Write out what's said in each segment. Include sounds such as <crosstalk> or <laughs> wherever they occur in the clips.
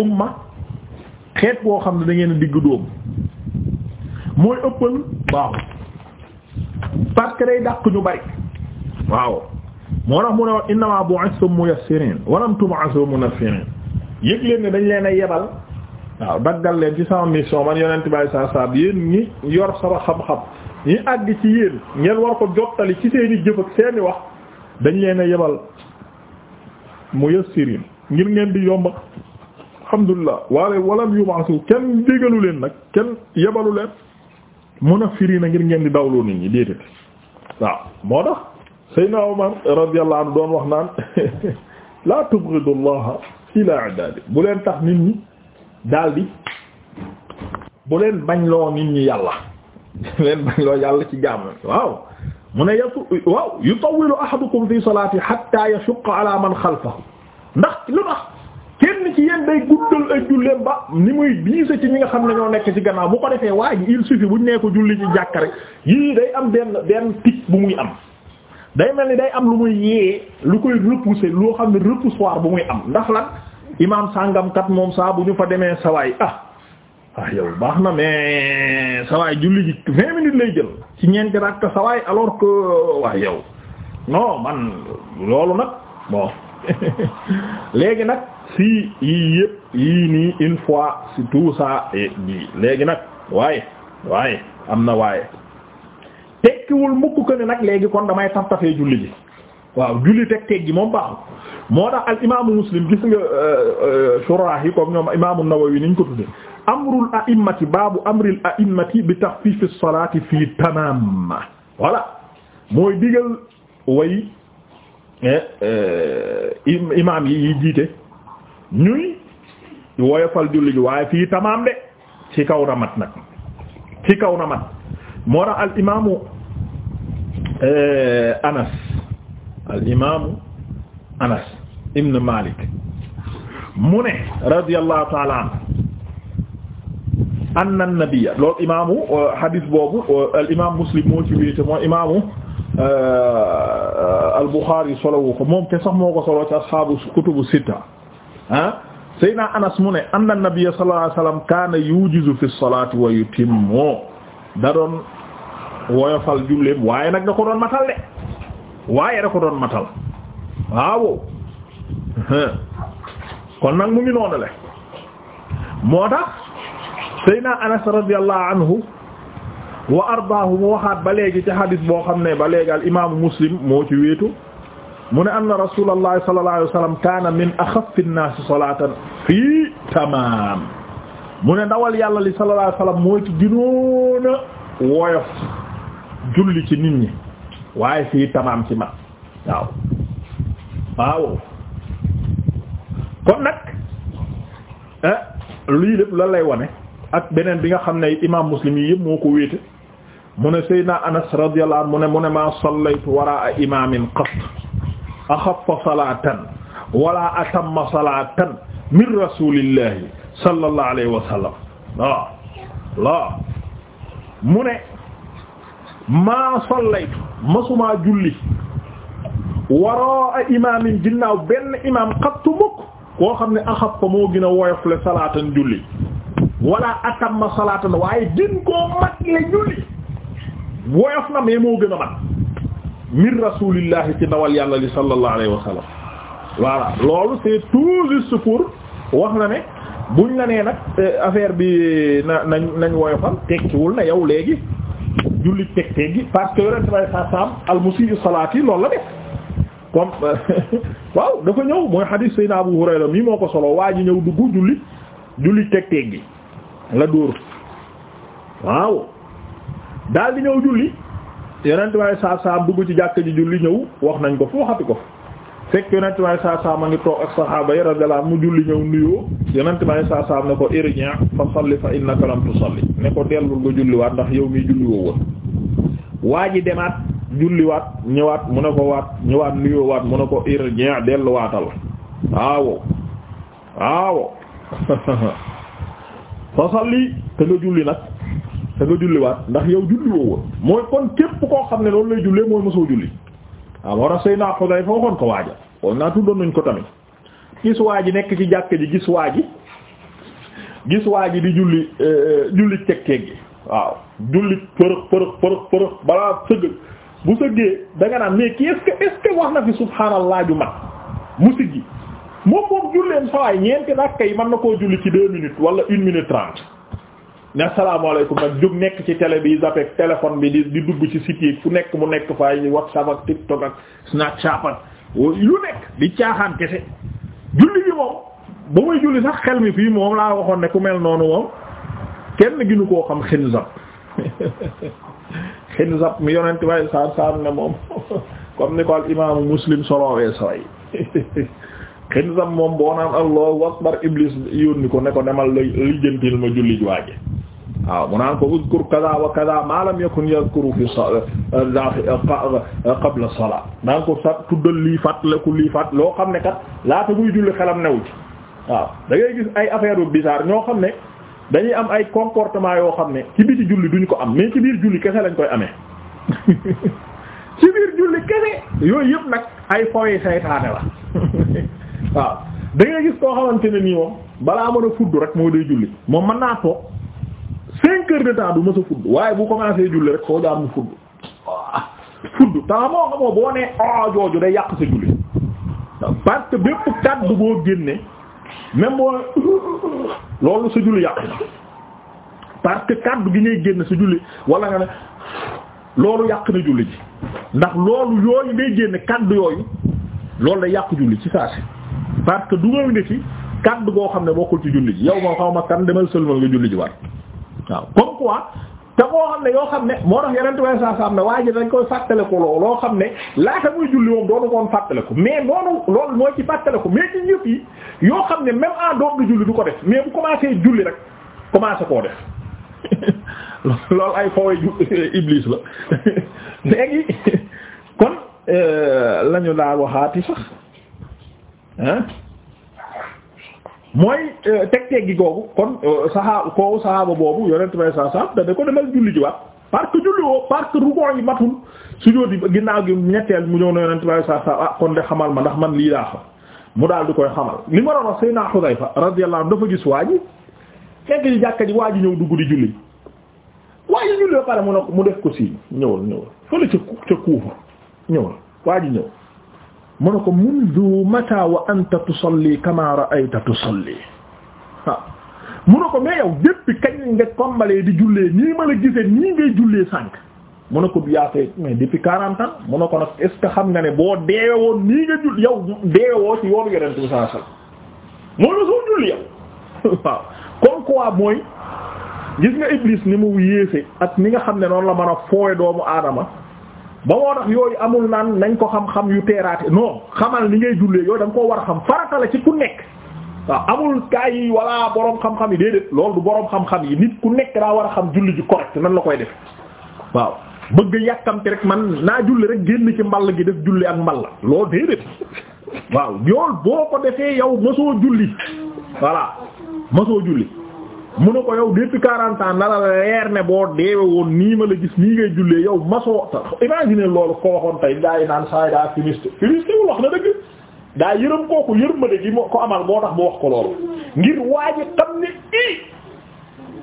umma xeet boo xam ne dangeen ngeen digg dóom mooy ëppal baaxul parce day dàq ñu bari waaw moo tax mu ne wax innama bu'ithtum muyassirin wa lam tub'athu munaffirin yëg leen ne dañ leen a yebal waaw daggal leen ci sama mission man yonent bi saa saa yéen ñi yor sama xam-xam ñi àgg ci yéen ngeen war ko jottali ci seeni jëf ak seeni wax dañ leen a yebal muyassirin ngir ngeen di yomba alhamdulilah waaye walam yubaasu kenn déggalu leen nag kenn yebalu leen munaffiriina ngir ngeen di dawloo nit ñi déedéet waaw moo tax Seydina Umar radiyallahu anhu doon wax naan la <laughs> tubghidu llaha ila ibaadi bu leen tax nit ñi daldi bu leen bañ loo nit ñi yàlla <laughs> leen bañ loo yàlla ci jàmm waaw mu ne yatu waaw yutawilu ahadukum fi salaati hatta yashqa ala man xalfahu ndax lu tax ci yéen day guddal ay julleem ba ni muy biise ci ñi nga xam ne ñoo nekk ci gannaaw bu ko defee waa ji il suffit buñ nee ko julli ci jàkk rek yii day am benn benn tic bu muy am day mel ni day am lu muy yee lu koy repousser loo xam ne repoussoir bu muy am ndax la imaam sàngam kat moom saa bu ñu fa demee sawaay ah ah yow baax na mais sawaay julli ji vingt minutes lay jël ci ñeenti rakka sawaay alors que waa yow non man loolu nag bon <laughs> léegi nag si yii yëpp yii nii une fois si tout ça et léegi nag waaye waaye am na waaye tekkiwul mukk ko ne nag léegi kon damay taftafee julli ji waaw julli teg teg gi moom baaxul moo tax al imaamu muslim gis nga euh, euh, shurah yi comme ñoom imaamu nawawi niñ ko tudde amrul a'immati baabu amril a'immati bi taxfiif as-salaati fii tamaam voilà mooy digal way eh, euh, imaam yi yi jiite ñuy woyofal julli ji waaye tamaam de ci kaw na mat nag ci kaw na mat moo tax al imaamu eh, anas al imaamu anas ibn malik mu ne radiyallahu ta'ala anhu anna nabiyya eh, eh, al imaam muslim moo ci wéete al buxaari solowu ko moom te sax moo ko solo ci ashaabu kutubu sitta ah Seydina Anas mu ne anna nabiyya sallallahu alayhi wasallam kaana yujizu fi salaati wa yutimmu da doon woyofal julleem waaye nag da ko doon matal de waaye da ko doon matal waaw kon nag mu ngi noonu le moo tax Seydina Anas radiyallahu anhu wa ardaahu mu waxaat ba léegi ci hadis boo xam ne ba léegi al imaamu Muslim moo ci wéetu mu ne anna rasulullahi sallallahu alayhi wa sallam kaana min axaffi nnaasi salaatan fii tamaam mu ne ndawal yàlla li sallallahu alayhi mooy ci gënoon woyof julli ci nit ñi waaye fii tamaam ci ma waaw waaw kon nag eh, lii lépp lan lay wane ak beneen bi nga xam ne imaam muslim yi yëpp moo ko wéete mu ne Seydina Anas radiyallahu anhu mu ne maa sallaytu waraa imaamin qat axafa salatan wala atamma salatan min rasulillahi sallallahu alayhi wa sallam waaw waaw mu ne maa sallaytu masumaa julli waraa imaamin ginnaaw benn imaam xattu mukk koo xam ne axaf fa moo gën a woyofle salaatan julli wala atamma salaatan waaye gën koo mat le julli woyof na mais moo min rasulillahi ci ndawal yàlla li sallallahu alayhi wa sallam voilà loolu c'est tout juste pour wax na ne buñ la nee nag euh, affaire bi euh, na nañ nañ woyofal tekkiwul na yow léegi jullit teg teggi parce que yonent bay sa sam al musii salaat yi loolu la def comme euh, <laughs> waaw dafa ñëw mooy hadith sayna Abu Hurayra mii moo ko solo waa ji ñëw dugg jullit jullit teg teggi la dóor waaw daal ñëw julli yonent waaye saa saa dugg ci jàkk ji julli ñëw wax nañ ko fu waxati ko fekk yonent waaye saa saa ngi toog ak saxaaba yi mu julli ñëw nuyoo yonent waaye saa saa ne ko irji' fa salli fa innaka lam tusalli ne ko dellul nga julliwaat ndax yow mii julliwoo woon waa ji demaat julliwaat ñëwaat mu ne ko waat ñëwaat nuyoo waat mu ne ko irji' delluwaatal waaw waaw <laughs> fa salli te nga julli nag te nga julliwaat ndax yow julli woo woon mooy kon képp koo xam ne loolu lay jullee mooy mosoo julli waaw war a sëy naa xoday fa waxoon ko waaja woon naa tuddoon nañ ko tamit gis waa ji nekk ci jàkk ji gis waa ji gis waa ji di julli euh, julli cegkeeg gi waaw julli përëx përëx përëx përëx balaa sëgg bu sëggee da naan mais kii est-ce wax na fi subhaanallah ju mat mu siggi moom moom julleem sawaay ñeenti rakka yi mën na koo julli ci deux minutes wala une minute ne asalaamaaleykum nag jóg nekk ci télé bi zapek téléphone bi di di dugg ci site fu nekk mu nekk fay whatsapp ak tiktok ak snapchat ak lu nekk di caaxaan kese julli gi moom ba muy julli sax xel mi fii moom laa waxoon ne ku mel noonu moom kenn ginu koo xam xinzab <laughs> xinzab mi yonent waaye saar saar ne moom <laughs> comme ni ko al imaamu muslim solowee saway <laughs> xinzab moom boo naan allahu akbar iblis yónni ko ne ko demal la lijjantil ma julli waaje waaw mu naan ko uzkur kaza wa kaza ma lam yakun yadhkuru fi qabla salaa naan ko sa tuddal lii fàttaliku lii fàtt loo xam ne kat laata muy julli xelam new ci waaw dangay ngay gis ay affaire yu ñoo xam ne dañuy am ay comportement yoo xam ne ci biti julli duñ ko am mais ci biir julli kese lañ koy ame <laughs> ci biir julli kese yooyu yëpp nag ay foye saytaane la <laughs> waaw da ngay gis koo xamante ne nii moom balaa mën a fudd rek moo day julli moom mën naa toog cinq heures de temps du mës a fudd waaye bu commencé julli rek foo jaar mu fudd fudd temps moo xamoo boo nee a ah jooju day yàq sa julli parce que bépp kàddu boo génne même boo loolu sa julli yàq na parce que kàddu gi ngay génn sa julli wala nga ne loolu yàq na julli ji ndax loolu yooyu ngay génne kàddu yooyu loolu day yàq julli ci saa si parce que dugal nga ci kàddu goo xam ne bokkul ci julli ji yow moo xaw ma kan demal sëlmal nga julli ji war waaw comme quoi te koo xam ne yoo xam ne moo tax yeneen tubaab saa saa am ne waaye ji dañ koy fàttaliku loo xam ne laata muy julli moom doonu koon fàttaliku mais noonu loolu mooy ci fàttaliku mais ci ñëpp yi yoo xam ne même en dehors du julli du ko def mais bu commencé julli rek commencé koo def <laughs> loolu ay fooy <laughs> iblis la <laughs> léegi kon euh, lañu daal waxaati sax mooy euh, teg teggi googu kon euh, saxaaba koowu saxaaba boobu yonent may sa sa da ko demal julli ji waat parce que julli woo parce que ruqon yi matul yi ginnaaw gi ñetteel mu ñëw na yonent may sa sa ah kon de xamal ma ndax man lii daa xam mu daal di koy xamal li ma a wax Seydina Xudayfa radiyallahu anhu dafa gis waa ji fekk ji jàkka ji waa ji ñëw dugg di julli waa ji julli pare mu ne mu def ko si ñëwal ñëwal fële ca ca Kuufa ñëwal waa ñëw mu ne ko mundu mata wa anta tusalli kama ra'ayta tusalli waaw mu ne ko mais yow depuis kañ nga kombalee di jullee nii ma la gisee nii ngay jullee sànq mun ne ko bi yaa fee mais depuis quarante ans mu ko nag est ce que xam nga ne boo deewe woon nii nga jull yow deewe woo ci yoonu yonent bi sallallahu alayhi wasallam moo soo julli yow <laughs> comme quoi mooy gis nga Iblis ni mu yéese ak ni nga xam ne noonu la mën a foowe doomu aadama ba moo tax yooyu amul naan nañ ko xam-xam yu teeraate non xamal ni ngay jullee yooyu da koo war a xam farata ci ku nekk waaw amul kaa yi walla boroom xam-xam yi déedéet loolu du boroom xam-xam yi nit ku nekk daa war a xam julli ji correct nan la koy def waaw bëgg yàkkamte rek man naa julli rek génn ci mball gi def julli ak mball loolu déedéet waaw yool boo ko defee yow mësoo julli voilà mësoo julli mu ne ko yow depuis quarante ans na la leer ne boo deewe woon nii ma la gis nii ngay jullee yow masoo ta imagine loolu ko waxoon tay gaa yi naan saa yi daa fumiste fumiste wul wax na dëgg daa yërëm kooku yërëm ma dëgg ko amal moo tax mu wax ko loolu ngir waaji xam ne ii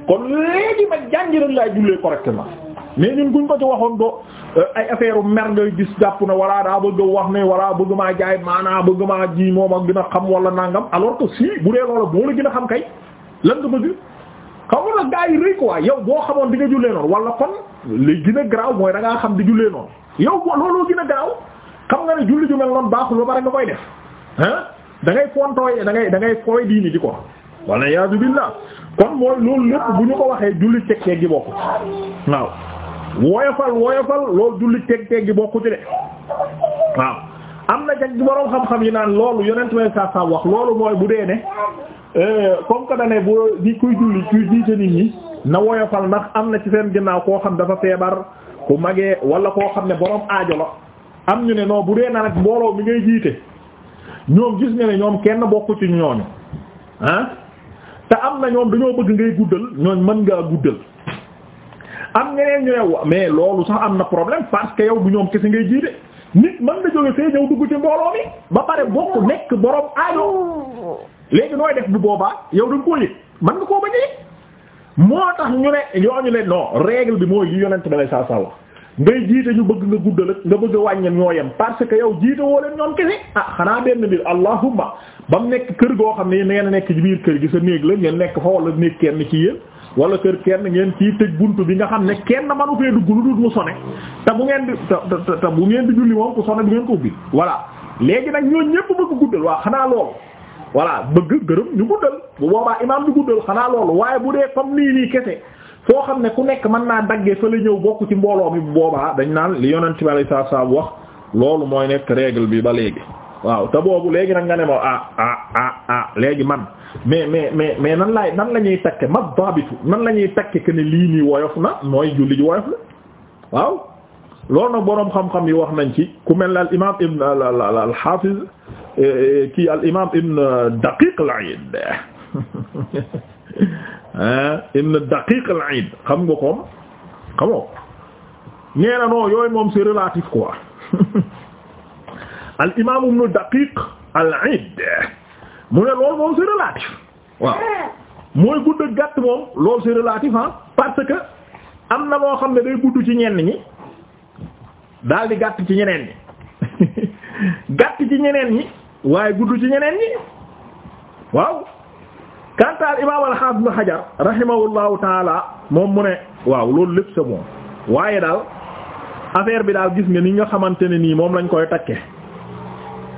kon léegi ma jàngi lañ laay jullee correctement mais ñun guñ ko ci waxoon doo euh, ay affaire u mer ngay gis jàpp na walla daa bëgg wax ne walla bëgg maa jaay maanaa bëgg maa ji moom ak gën a xam wala nangam alors bu gën a xam kay lan nga bëgg xam nga nag gaa yi yow boo xamoon di nga jullee noonu wala kon li gën a garaaw mooy da xam di jullee noonu yow looloo gën a garaaw xam nga ne julli ju mel noonu baaxul ba pare nga koy def ah da ngay fontooy da ngay da ngay fooy diini di ko wala yaasu billah kon mooy loolu lépp bu ñu ko waxee julli teg teg gi bokk waaw woyofal woyofal loolu julli teg teg gi bokku ci de waaw am na jag boroom xam-xam yi naan loolu yonent may saa saa wax loolu bu dee ne Euh, comme que da ne bu di kuy julli kuy jiite nit ñi na woyofal ndax am na ci seen ginnaaw koo xam dafa feebar ku magee wala koo xam ne boroom aajo la am ñu ne non bu dee na nag mbooloo mi ngay jiite ñoom gis nga ne ñoom kenn bokku ci ñooñu ah te am na ñoom dañoo bëgg ngay guddal ñooñ mën ngaa guddal am ñeneen ñu ne mais loolu sax am na problème parce que yow du ñoom kese ngay jiite nit mën na jóge fee ñëw dugg ci mbooloo mi ba pare bokk nekk borom aajo. léegi nooy def bu boobaa yow da nga koo yëg mën nga koo bañ a yëg moo tax ñu ne ñooñu ne non règle bi mooy li yonent bi saa saa wax ngay jiite ñu bëgg nga guddal ak nga bëgg a wàññi ñoo yem parce que yow jiite woo leen ñoom kese ah xanaa benn mbir allahumma ba mu nekk kër goo xam ne ngeen nekk ci biir kër gi sa néeg la ngeen nekk fa wala néeg kenn ci yéen wala kër kenn ngeen fii tëj bunt bi nga xam ne kenn manu fee dugg lu dul mu sone te bu ngeen di te bu ngeen di julli moom ku sone du ngeen ko ubbi voilà léegi nag ñooñu ñëpp bëgg guddal waa xanaa loolu voilà bëgg gërëm ñu guddal bu boobaa imaam ñu guddal xanaa loolu waaye bu dee comme nii nii kese foo xam ne ku nekk mën naa daggee fa la ñëw bokk ci mbooloo bi bu boobaa dañ naan li yonent bi alayhi salaam wax loolu mooy nekk règle bi ba léegi waaw te boobu léegi nag nga ne ma ah ah ah, ah léegi man mais mais mais mais nan laay nan la ñuy takke ma babitu nan la ñuy takke que ne lii nii woyof na mooy julli ji woyof la waaw loolu nag boroom xam-xam yi wax nañ ci ku mel ne al imaam ibn al Eh, eh, kii al imaam Ibn Daqiq al <laughs> eh, Ibn Daqiq al-Iid xam nga ko xamoo nee na non yooyu moom c'est relatif quoi <laughs> al imaam Ibn Daqiq al-Iid mu ne loolu moom c'est relatif mooy gudd ak gàtt moom loolu c'est relatif ah parce que am na moo xam ne day gudd ci ñenn ñi daal di gàtt ci ñeneen ñi <laughs> gàtt ci ñeneen ñi waaye gudd ci ñeneen ñi waaw kantaal imaam al-Hafiz Ibn Hajar rahimahullahu moom mu ne waaw loolu lépp c'est bon waaye daal affaire bi daal gis nga ni nga xamante ne nii moom lañ koy takke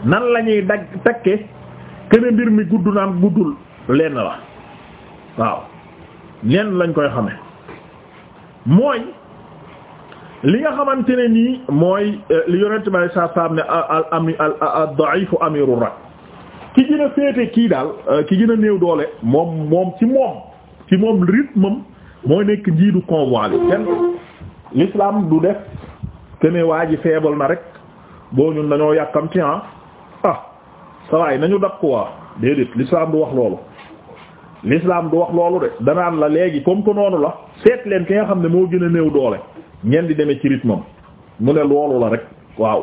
nan lañuy ñuy dag takke kene mbir mi gudd naam guddul lenn la waaw lenn lañ koy xame mooy li nga xamante ne nii mooy euh, li yonent bi saa saa ne a ami al ad-da'ifu amiru rak ki gën a féete kii daal euh, ki gën a néew doole moom moom ci moom ci moom rythme am mooy nekk njiitu convoi bi kenn l'islam du def te waa ji feebal na rek boo ñun dañoo yàkkamti ah ah sawaay nañu dab quoi ah, déedéet l'islam du wax loolu l'islam du wax loolu de danaan la léegi comme que noonu la seet leen ki nga xam ne moo gën a néew doole. ngeen di demee ci rythme mu ne loolu la rek waaw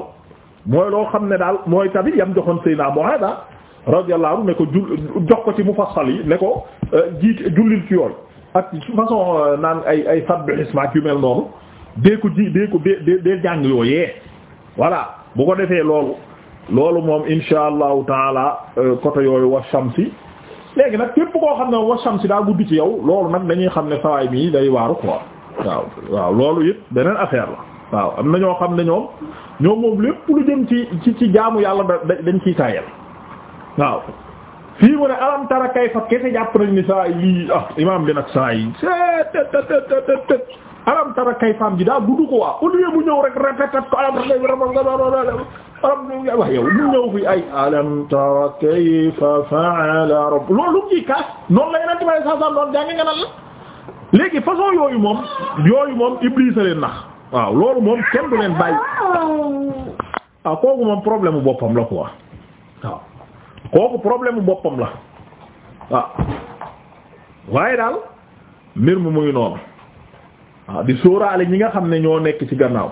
mooy loo xam ne daal mooy tamit yam joxoon Seydina Mu'aad radiyallahu anhu ne ko jul jox ko ci mufassal yi ne ko euh, jiit jullil ci yooyu ak façon euh, naan ay ay sabbih ismak yu mel noonu dee ko ji dee ko dee dee jàng yooyee voilà bu ko defee loolu loolu moom insha allahu taala euh, côté yooyu wa shamsi léegi nag képp koo xam ne wa shamsi daal guddi ci yow loolu nag dañuy xam ne sawaay mii day waaru quoi waaw waaw loolu it beneen affaire la waaw am na ñoo xam ne ñoom ñoom moom lépp lu jëm ci ci ci jaamu yàlla da dañ ciy tayal waaw fii mu ne alam tara kayfa kese jàpp nañ ni saa ah, nag saa yi tet alam tara kayfaam ji daa gudd ko waa au lieu ñëw rek répété ko alam alam wax yow mu ñëw fi ay alam tara kayfa fa'ala rabb loolu lu mu ciy kaas noonu la yeneen léegi façon yooyu moom yooyu moom Iblis a leen nax waaw loolu moom kenn du leen bàyyi waaw ah, kooku moom problème mu boppam la quoi waaw kooku problème mu boppam la waaw ah. waaye daal mbir mu muy noonu waaw ah, di sóoraale ñi nga xam ne ñoo nekk ci gannaaw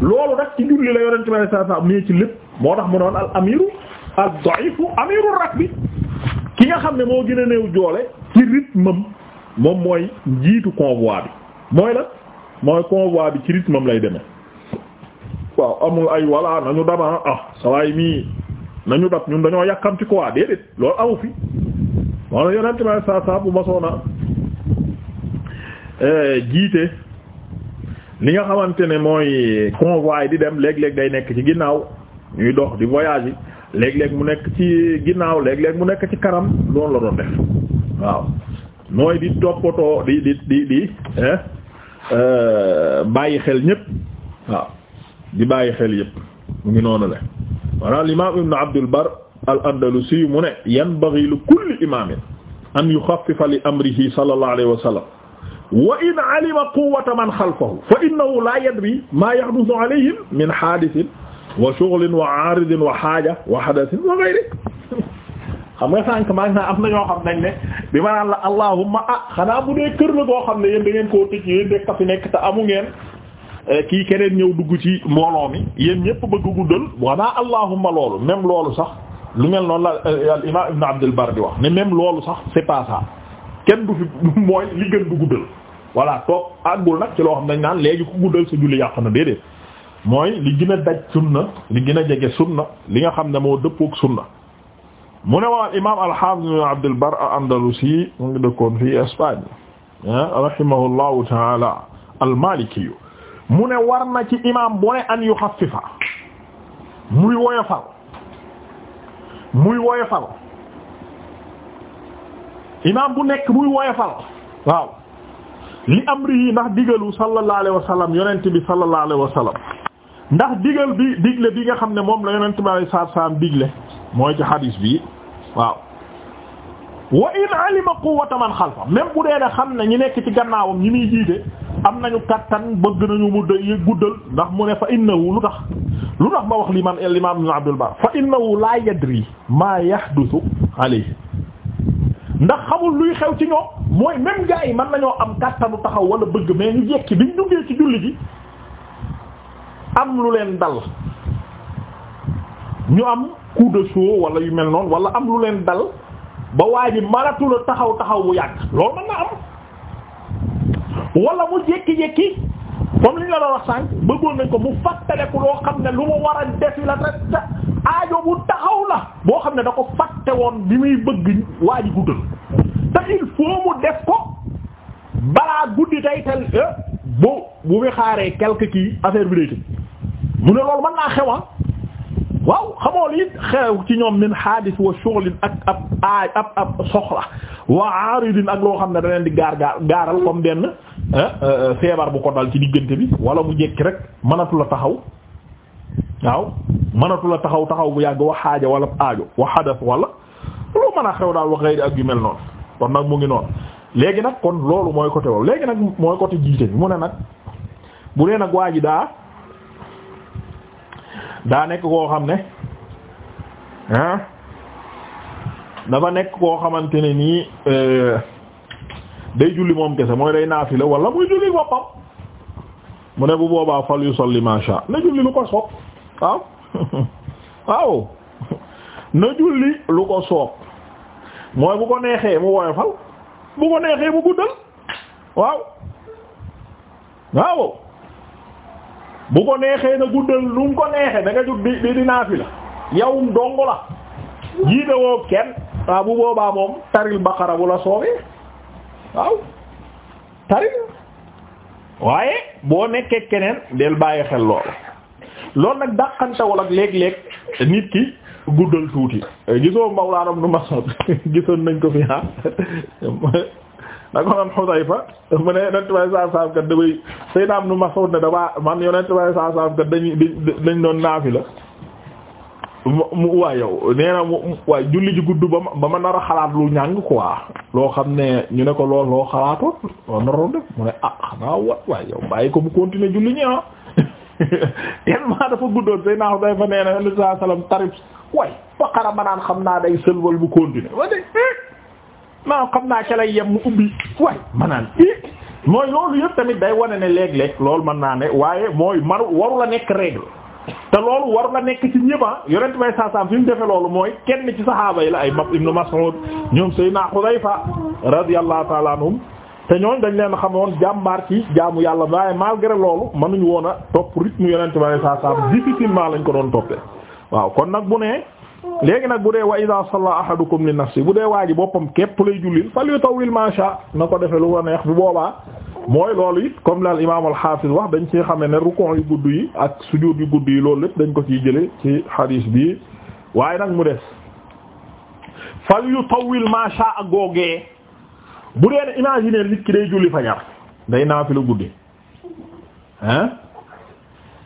loolu nag ci julli la yonent bi saa saa mu ci lépp moo tax mu noonu al amiru ad-da'ifu amiru rakbi ki nga xam ne moo gën a néew joole ci rythme moom mooy njiitu convoi bi mooy la mooy convoi bi ci rythme lay demee waaw amul ay walla nañu dab ah, ah sawaay mii nañu dab ñun dañoo yàkkam ci quoi déedéet loolu amu fi moo la yonent ma saa saa bu masoona eh, jiite li nga xamante ne mooy convoi di dem léeg-léeg day nekk ci ginnaaw ñuy dox di voyage yi léeg-léeg mu nekk ci ginnaaw léeg-léeg mu nekk ci kanam loolu la doon def waaw mooy di toppatoo di di di di eh, euh, bàyyi xel ñëpp waaw di bàyyi xel yëpp mu ngi noonu le wala al imam ibn abdul bar al andalusi mu ne yanbaghi li kulli imamin an yukhaffifa li amrihi sallallahu alayhi wa sallam wa in alima quwwata man xalfahu fa innahu la yadri ma yahduthu alayhim min haadithin wa shughlin wa aaridin wa haaja wa hadathin wa ghayrihi <laughs> xam nga sànq maa ngi am na ñoo xam nañ ne bi ma naan la allahumma ah xanaa bu dee kër la boo xam ne yéen da ngeen koo tëj yéen rek fi nekk te amu ngeen eh, kii keneen ñëw dugg ci mbooloo mi yéen ñëpp bëgg guddal wanaa allahumma loolu même loolu sax lu mel noonu la eh, al imam ibn abdul bar di wax ne même loolu sax c'est pas kenn du fi <laughs> mooy li gën du guddal voilà toog àggul nag ci loo xam dañ naan léegi ku guddal sa julli yàq na déedéet mooy li gën a daj sunna li gën a jege sunna li nga xam ne moo dëppook sunna mu ne waa imaam al-Haafiz ibn Abd al-Barr al-Andalusi mu ngi dëkkoon fii Espagne ah, rahimahullahu ta'ala al-Maliki mu ne war na ci imaam bu ne an yuxaffifa muy woyofal muy woyofal imaam bu nekk muy woyofal waaw li amri yi ndax digalu sallallahu alayhi wa sallam yonent bi sallallahu alayhi wa sallam ndax digal bi digle bi nga xam ne moom la yonent bi sallallahu alayhi wa digle mooy ci xadis bi waaw wa in alima quwwata man xalfa même bu dee ne xam ne ñi nekk ci gannaawam ñi muy jiite am nañu kattan bëgg nañu mu day guddal ndax mu ne fa innahu lu tax lu tax ma wax li man al-imam ibn Abdul Bar fa innahu la yadri ndax xamul luy xew ci ñoom mooy même gars yi mën nañoo am taxaw wala bëgg mais ñu jekki biñ duggee ci julli am lu leen dal ñu am coup de chaud wala yu mel noonu wala am lu leen dal ba waa ji maratula taxaw taxaw bu yàgg loolu mën na am wala mu jékki-jékki comme li ñu la doon wax bëggoon nañ ko mu fàttaleku loo xam ne lu mu war a defi la te aajo bu taxaw la boo xam ne da ko fàtte woon bi muy bëgg waa ji guddal te il faut mu def ko balaa guddi tey eh, bu bu fi xaaree quelque kii affaire bi day mu ne loolu mën naa xewa ah. waaw xamoo li xew ci ñoom min xaadis wa shughlin ak ab aay ab ab soxla wa aaridin ak loo xam ne da di gaar gaar gaaral comme benn eh, eh, eh, feebar bu ko dal ci diggante bi wala mu jekki rek mënatu taxaw waaw mënatu taxaw taxaw bu yàgg wa xaaja wala aajo wa xadas wala lu mën a xew daal wax xëy ak yu mel noonu kon nag mu ngi noonu léegi nag kon loolu mooy côté woowu léegi nag mooy côté jiite bi mu ne nag bu dee nag waa daa. daa nekk koo xam ne ah dafa nekk koo xamante ne nii euh, day julli moom kese mooy day naafila wala muy julli boppam mu ne bu boobaa fal yusalli ma sha na julli lu ko soob waaw <laughs> waaw na julli lu ko soob mooy bu ko neexee mu woyofal bu ko neexee mu guddal waaw waaw bu ko neexee na guddal lu mu ko neexee da nga jóg bi di di naafila yawum dong la jiite woo kenn waaw bu boobaa moom taril baqara bu la soobee waaw taril waaye boo nekkee keneen del bàyyi xel loolu loolu nag dàqantewul ak léeg-léeg nit ki guddal tuuti gisoo Mawlaana Ibn Mas'ud <laughs> gisoon nañ ko fi ah na ko noon Xudayfa mu ne yonent bay saa saam kat damay Seydina Ibnu Mas'ud ne damaa man yonent bay saa saam kat dañuy dañ doon naafila mu waa yow nee mu waay julli ji gudd ba ma ba ma nar xalaat lu ñàng quoi loo xam ne ñu ne ko lool loo xalaatoon loo naroon def mu ne ah xanaa wat waay yow bàyyi ko mu continuer julli ñi ah tellement <laughs> dafa guddoon Seydina Xudayfa nee na yonent saa salaam tarif waay baqara ma naan xam naa day sëlwal maa xam naa ca lay yem mu ubbi waaye ma naan mooy loolu yëpp tamit day wane ne léeg-léeg loolu man naa ne waaye mooy manu waru la nekk règle te loolu waru la nekk ci ñëppa ah. yonent may saasaam fi mu defe loolu mooy kenn ci saxaaba yi la ay ma ibnu Mas'ud ñoom Seydina Xudayfa radiyallahu ta'ala anhum te ñooñ dañ leen xamoon jàmbaar ci jaamu yàlla waaye malgré loolu mënuñu woon a topp rythme yonent may saasaam difficilement lañ ko doon toppee waaw kon nag bu ne léegi nag bu dee wa idha salla ahadukum li nafsi bu dee waa ji boppam képp lay jullil fal yutawil ma sha na ko defee lu ko neex bu boobaa mooy loolu it comme la imaam al-Hafiz wax dañ ci xamee ne rukun yu gudd yi ak sujud yu gudd yi loolu lépp dañ ko ciy jële ci hadis bi waaye nag mu des fal yutawil ma sha ak googe bu dee ne imaginer nit ki day julli fajar day naafi la guddi hein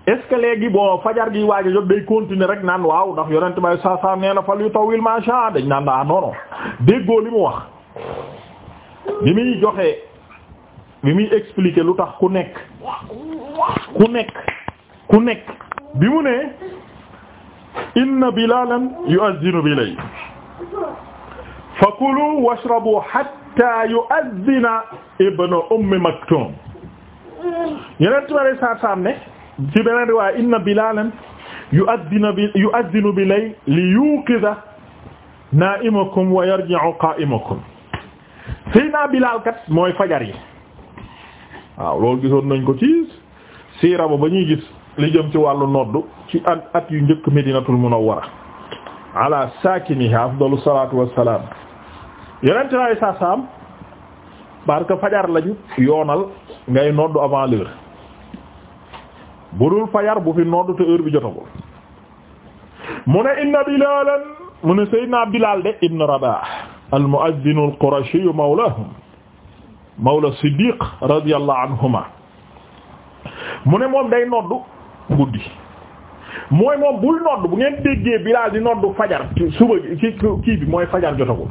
est ce que léegi bon fajar gi waaja jot day continuer rek naan waaw ndax yonent bay saa saa nee na fal yu tawil macha dañ naan daa ah, non déggoo li mu wax bi muy joxe bi muy expliquer lu tax ku nekk ku nekk ku nekk bi mu ne inna bilalan yu'adhdhinu bilay fakulu washrabu hatta yu'adhdhina ibnu ummi maktum yonent bay saa saa ne ci beneen riwaaya inna bilalan yu'addinu bi yu'addinu bi lay li yuqidha na'imakum wa yarji'u qa'imakum sayna bilal kat mooy fajar yi waaw loolu gisoon nañ ko ci siira ba ba ñuy gis li jëm ci wàllu noddu ci at at yu njëkk Medinatul Munawwara ala saakiniha afdalu salaatu wassalaam yeneen yoonal ngay noddu avant l'heure bu dul fajar bu fi nodd te heure bi jotagul mu ne inna bilalan mu ne sayyidina bilal de ibn rabah al mu'addin al mawla siddiq radiyallahu anhuma mu ne moom day nodd guddi mooy moom bul nodd bu ngeen déggee bilal di nodd fajar suba kii bi mooy fajar jotagul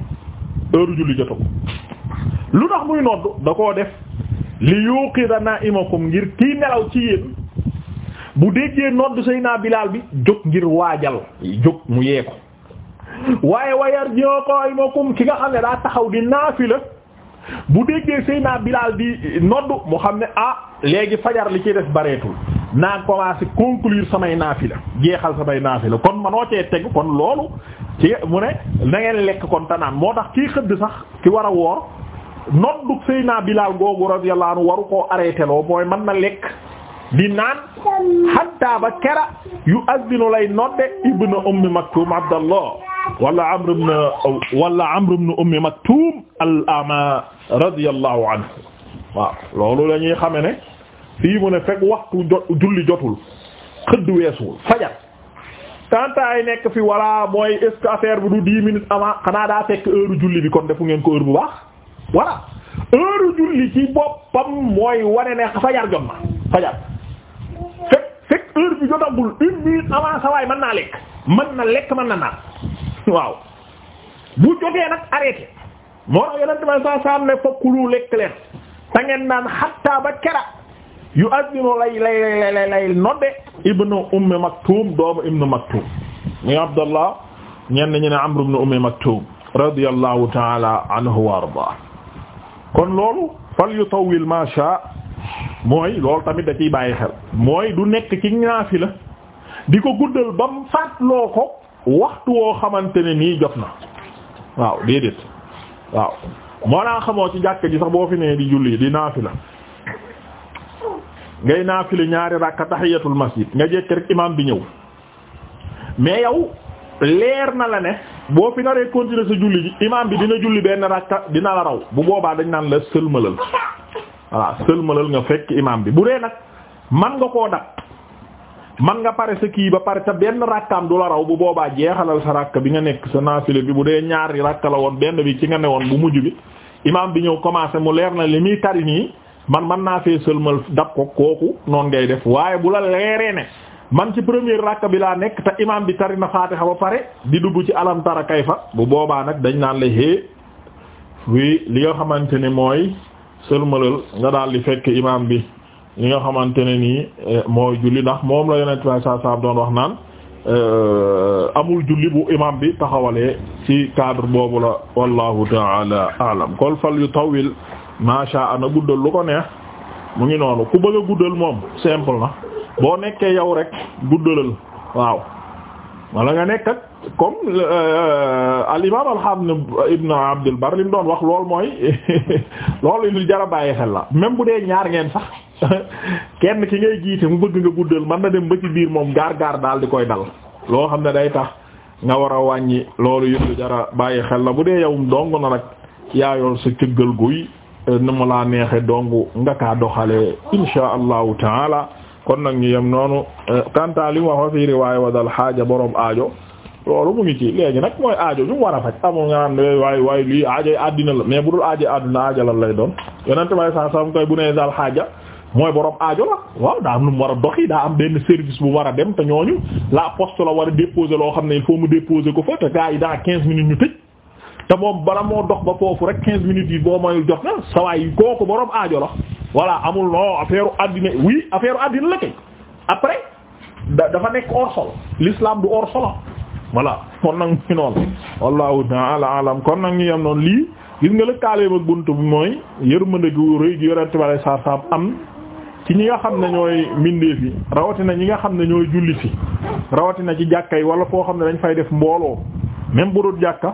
heure julli jotagul lu tax muy nodd da koo def li yuqida na'imakum ngir kii nelaw ci yéen bu déggee nodd Seydina Bilaal bi jóg ngir waajal jóg mu yee waaye wayar ñoo qaimakum ki nga xam ne daa taxaw di la bu déggee naa Bilaal di nodd mu xam ne ah léegi fajar li ci def bareetul naa commencé conclure samay la jeexal samay la kon manoo cee teg kon loolu ci mu ne na lekk kon tanaan moo tax kii xëdd sax ki war a woor noddug Seydina Bilaal googu radiyallahu anhu waru koo arrêté loo mooy man na lekk di naan hatta ba kera yu addinu lay nodde ibnu ummi maktum abdallah wala amr ibn wala amr ibn ummi maktum al ama radiyallahu anhu waaw loolu la ñuy ne fii mu ne fekk waxtu julli jotul xëdd weesuwul fajar tantay nekk fi wala mooy est-ce que du dix minutes avant xanaa daa fekk heure julli bi kon defu ngeen ko heure bu baax voilà heure julli ci boppam mooy wane ne fajar jot na fajar heure bi jotagul une minute avant sa waay mën naa lekk mën na lekk mën na naan waaw bu jotee nag arrêté moo tax yonente may sa saam ne fokkulu lekk leen ta ngeen naan hatta ba kera yu addino lay lay lay lay lay nodde ibnu ummi maktum doomu ibnu maktum muy abdallah ñenn ñu ne amru ibnu ummi maktum radiyallahu ta'ala anhu wa arda kon loolu fal yutawil ma sha mooy loolu tamit da ciy bàyyi xel mooy du nekk ci ñaafi la di ko guddal ba mu ko waxtu woo xamante ne nii jot na waaw déedéet waaw moo naa xamoo ci jàkk ji sax boo fi nee di julli di naafi la ngay naafi la ñaari rakka tahiyatul masjid nga jekk rek imam bi ñëw mais yow leer na la ne boo fi naree continuer sa julli ji imam bi dina julli benn rakka dina la raw bu boobaa dañ naan la sëlmalal voilà sëlmalal nga fekk imam bi bu dee nag man nga koo dab man nga pare sa kii ba pare te benn rakkaam du la raw bu boobaa jeexalal sa rakk bi nga nekk sa naafile bi bu dee ñaari ràkk la woon benn bi ci nga ne woon bu mujj bi imam bi ñëw commencé mu leer na li muy tari nii man man naa fee sëlmal dab ko kooku noon ngay def waaye bu la leeree ne man ci premier rakk bi laa nekk te imam bi tari na xaw ba pare di dugg ci alam tara kayfa bu boobaa nag dañ naan la li nga xamante ne mooy sëlmalal nga daal di fekk imaam bi li nga xamante ne nii eh, mooy julli ndax moom la yonent bi saa doon wax naan eh, amul julli bu imaam bi taxawalee ci cadre boobu la wallahu taala alam kol fal yu tawil macha ana guddal lu ko neex mu ngi noonu ku bëgg guddal moom simple na boo nekkee yow rek guddalal waaw wala nga nekk ak comme euh, euh, al imaam alhamd ibn Abdul Bar li mu doon wax loolu mooy <laughs> loolu lu jar a bàyyi xel la même bu dee ñaar ngeen sax <laughs> kenn ki ngay jiite mu bëgg nga guddal mën na dem ba biir moom gaar gaar daal di koy dal loo xam ne day tax nga war a wàññi loolu yëpp lu jar a bàyyi xel la bu dee yow dong na nag yaayool sa cëggal guy euh, ni mu laa neexe dong nga kaa doxalee insha allahu taala kon nag ñu yem noonu kanta li mu wax wa fi riwaaya wa dal xaaja borom aajo loolu mu ngi ci léegi nag mooy aajo ñu war a faj amul nga naan eh, waay waay lii aajoy àddina mais bu dul aajo àddina aajo lay doon yonent may sa sam koy bu nee dal xaaja mooy borom aajo la waaw lu mu war a doxi daa am benn service bu war a dem te ñooñu la poste la war a déposer loo xam ne il faut mu déposer ko fa te gars yi daa quinze minutes ñu tëj te moom bala moo dox ba foofu rek quinze minutes yi boo mayul jot na sa waay kooku borom aajo la voilà amul non affaire àddina oui affaire àddina la kay après dafa nekk hors sol l'islam du hors voilà kon nag ñu noonu wallahu ta'ala kon nag ñu yem noonu lii gis nga lëkkaaleem ak bunt bi mooy yërmande gu rëy gi yorente bale sar sam am ci ñi nga xam ne ñooy mbindeef yi rawatina ñi nga xam ne ñooy julli fi rawatina ci jàkka yi wala foo xam ne dañ fay def mbooloo même bu dul jàkka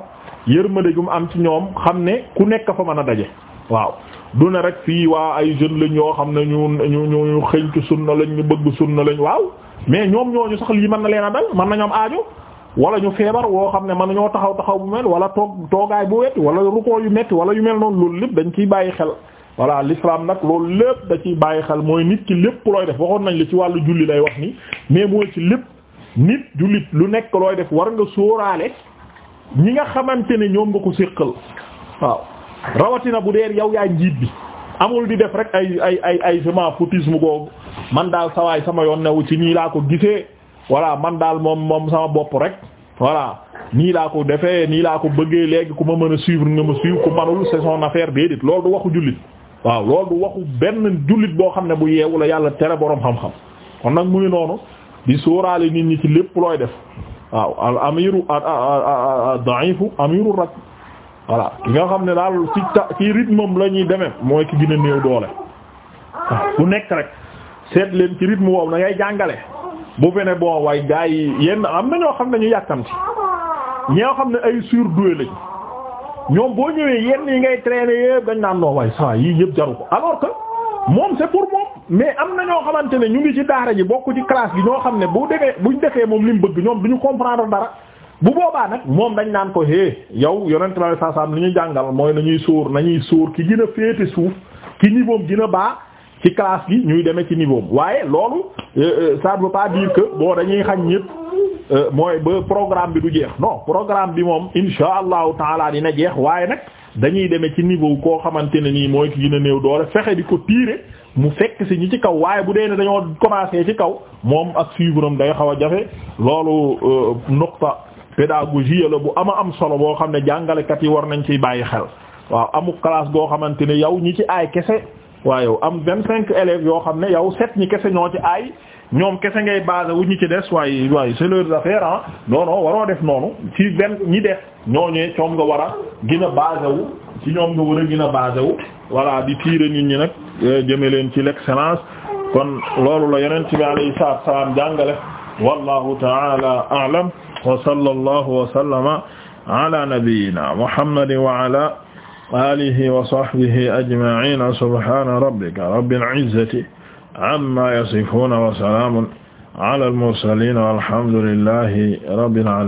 yërmande gu am ci ñoom xam ne ku nekk fa mën a daje waaw du ne rek fii waa ay jeunes lañ yoo xam ne ñu ñu ñu xëñtu sunna lañ ñu bëgg sunna lañ waaw mais ñoom ñu sax lii mën na leen a dal mën na ñoom aajo wala ñu feebar woo xam ne mën ñoo taxaw taxaw bu mel wala toog toogaay bu wet wala rukoo yu metti wala yu mel noonu loolu lépp dañ ciy bàyyi xel voilà l'islam nag loolu lépp da ciy bàyyi xel mooy nit ki lépp looy def waxoon nañ li ci wàllu julli lay wax ni mais mooy ci lépp nit jullit lu nekk looy def war nga sóoraale ñi nga xamante ne ñoom nga ko séqal waaw rawatina bu dee yow yaa njiit bi amul di def rek ay ay ay ay je m'en foutisme googu man daal sawaay sama yoon newu ci nii laa ko gisee voilà man daal moom moom sama bopp rek voilà nii laa ko defee nii laa ko bëggee léegi ku ma mën a suivre nga ma suivre ku manul c'est son affaire déedéet loolu du waxu jullit waaw loolu du waxu benn jullit boo xam ne bu yeewu la yàlla tere boroom xam-xam kon nag mu ngi noonu di sóoraale nit ñi ci lépp looy def waaw al amiru daifu amiru rak voilà ki nga xam ne daal ci ta ci rythme la ñuy demee mooy ki gën a néew doole waaw nekk rek seet leen ci rythme woowu jàngale bu fene bon way gars yi yenn am na ñoo xam ne ñu yàkkamti ñoo xam ne ay surdoué lañ ñoom boo ñëwee yenn yi ngay traîner yëpp dañ naan noo way saa yi ñëpp jaru ko alors que moom c'est pour moom mais am na ñoo xamante ne ñu ngi ci daara ji bokk ci classe gi ñoo xam ne bu defee buñ defee moom li mu bëgg ñoom duñu comprendre dara bu boobaa nag moom dañ naan ko hé yow yonent ma saa saa am li ñu jàngal mooy nañuy sóor nañuy sóor ki gën a féete suuf ki ñi moom gën ci classe bi ñuy demee ci niveau waaye loolu euh, euh, ça ne veut pas dire que bon dañuy xañ ñépp euh, mooy ba programme bi du jeex non programme bi moom insha allahu taala dina jeex waaye nag dañuy demee ci niveau koo xamante ne nii mooy ki gën néew doole fexe di ko tiire mu fekk si ñu ci kaw waaye bu dee ne dañoo commencé ci kaw moom ak suivre am day xaw a jafe loolu nuqta pédagogie la bu ama am solo boo xam ne jàngalekat yi war nañ ciy bàyyi xel waaw amu classe goo xamante ne yow ñi ci aay kese. waaye yow am vingt cinq élèves yoo xam ne yow sept ñi kese ñoo ci aay ñoom kese ngay basé wu ñu ci des waaye waaye c'est leurs affaires ah waroo def noonu ci vingt ñi def ñooñee coom nga war gina gën a basé wu ci ñoom nga war a gën a basé wu nit ñi nag eh, jëme leen ci l'excellence kon loolu la yonent bi alayhi salaatu wa salaam jàngale wallahu ta'ala a'lam wa sallallahu wa sallama ala nabiyyina alihi wa sahbihi ajma'in subhana rabbika rabbil izzati amma yasifuna wa salamun ala al mursalin walhamdulillahi rabbil alamin